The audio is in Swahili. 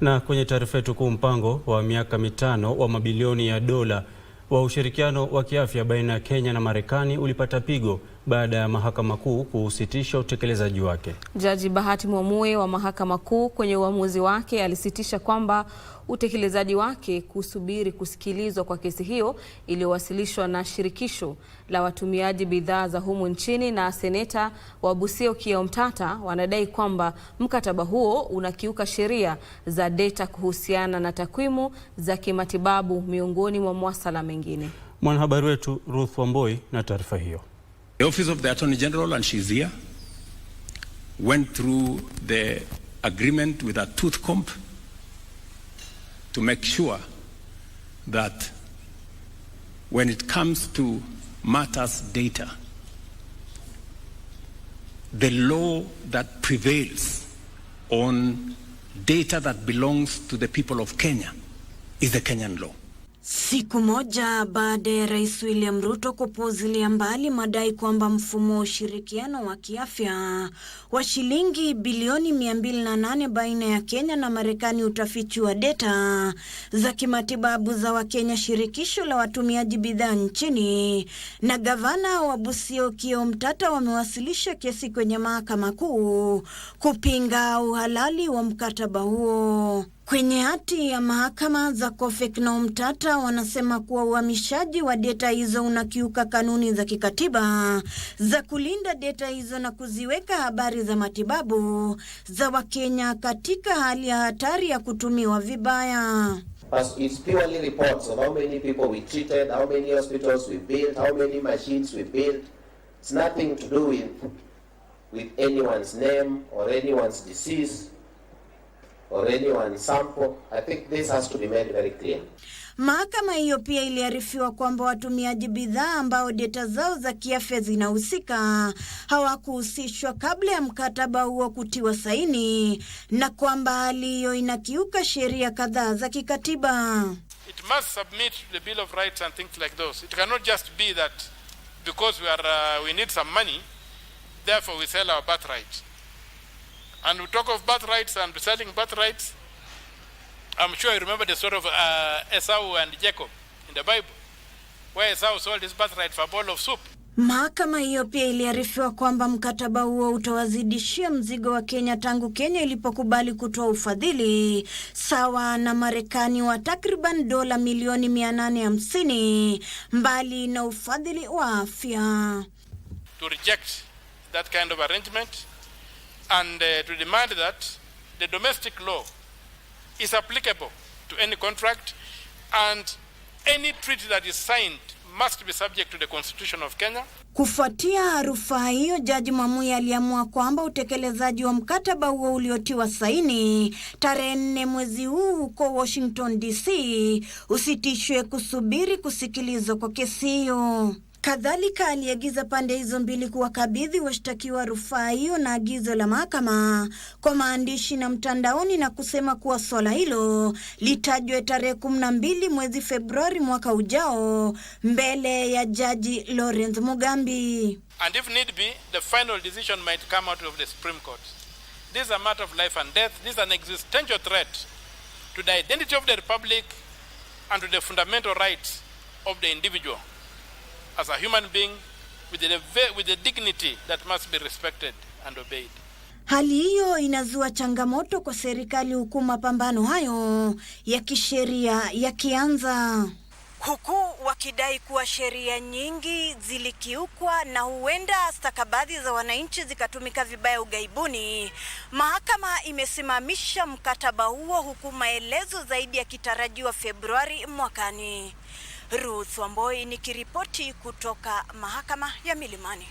Na kwenye taarifa yetu kuu, mpango wa miaka mitano wa mabilioni ya dola wa ushirikiano wa kiafya baina ya Kenya na Marekani ulipata pigo baada ya Mahakama Kuu kusitisha utekelezaji wake. Jaji Bahati Mwamuye wa Mahakama Kuu kwenye uamuzi wake alisitisha kwamba utekelezaji wake kusubiri kusikilizwa kwa kesi hiyo iliyowasilishwa na Shirikisho la Watumiaji Bidhaa za Humu Nchini na seneta wa Busia Okiya Omtata wanadai kwamba mkataba huo unakiuka sheria za deta kuhusiana na takwimu za kimatibabu miongoni mwa mwasala mengine. Mwanahabari wetu Ruth Wamboi na taarifa hiyo. The Office of the Attorney General, and she's here, went through the agreement with a tooth comb to make sure that when it comes to matters data, the law that prevails on data that belongs to the people of Kenya is the Kenyan law. Siku moja baada ya Rais William Ruto kupuuzilia mbali madai kwamba mfumo wa ushirikiano wa kiafya wa shilingi bilioni 208 baina ya Kenya na Marekani utafichua deta za kimatibabu za Wakenya, shirikisho la watumiaji bidhaa nchini na gavana wa Busia Okiya Mtata wamewasilisha kesi kwenye mahakama kuu kupinga uhalali wa mkataba huo. Kwenye hati ya mahakama za Kofek na Umtata wanasema kuwa uhamishaji wa deta hizo unakiuka kanuni za kikatiba za kulinda deta hizo na kuziweka habari za matibabu za Wakenya katika hali ya hatari ya kutumiwa vibaya. It's nothing to do with, with anyone's name or anyone's disease or anyone sample. I think this has to be made very clear. Mahakama hiyo pia iliarifiwa kwamba watumiaji bidhaa ambao data zao za kiafya zinahusika hawakuhusishwa kabla ya mkataba huo kutiwa saini na kwamba hali hiyo inakiuka sheria kadhaa za kikatiba. It must submit the Bill of Rights and things like those. It cannot just be that because we are, uh, we need some money, therefore we sell our birthright. And we talk of birthrights and selling birthrights. I'm sure you remember the story of uh, Esau and Jacob in the Bible, where Esau sold his birthright for a bowl of soup. Mahakama hiyo pia iliarifiwa kwamba mkataba huo utawazidishia mzigo wa Kenya tangu Kenya ilipokubali kutoa ufadhili sawa na Marekani wa takriban dola milioni 850 mbali na ufadhili wa afya. To reject that kind of arrangement and uh, to demand that the domestic law is applicable to any contract and any treaty that is signed must be subject to the constitution of Kenya. Kufuatia rufaa hiyo, Jaji Mwamui aliamua kwamba utekelezaji wa mkataba huo uliotiwa saini tarehe nne mwezi huu huko Washington DC usitishwe kusubiri kusikilizwa kwa kesi hiyo. Kadhalika aliagiza pande hizo mbili kuwakabidhi washtakiwa rufaa hiyo na agizo la mahakama kwa maandishi na mtandaoni na kusema kuwa swala hilo litajwe tarehe kumi na mbili mwezi Februari mwaka ujao mbele ya Jaji Lawrence Mugambi. And if need be, the final decision might come out of the Supreme Court. This is a matter of life and death. This is an existential threat to the identity of the Republic and to the fundamental rights of the individual as a human being with the, with the dignity that must be respected and obeyed. Hali hiyo inazua changamoto kwa serikali huku mapambano hayo ya kisheria yakianza, huku wakidai kuwa sheria nyingi zilikiukwa na huenda stakabadhi za wananchi zikatumika vibaya ugaibuni. Mahakama imesimamisha mkataba huo huku maelezo zaidi yakitarajiwa Februari mwakani. Ruth Wamboi nikiripoti kutoka mahakama ya Milimani.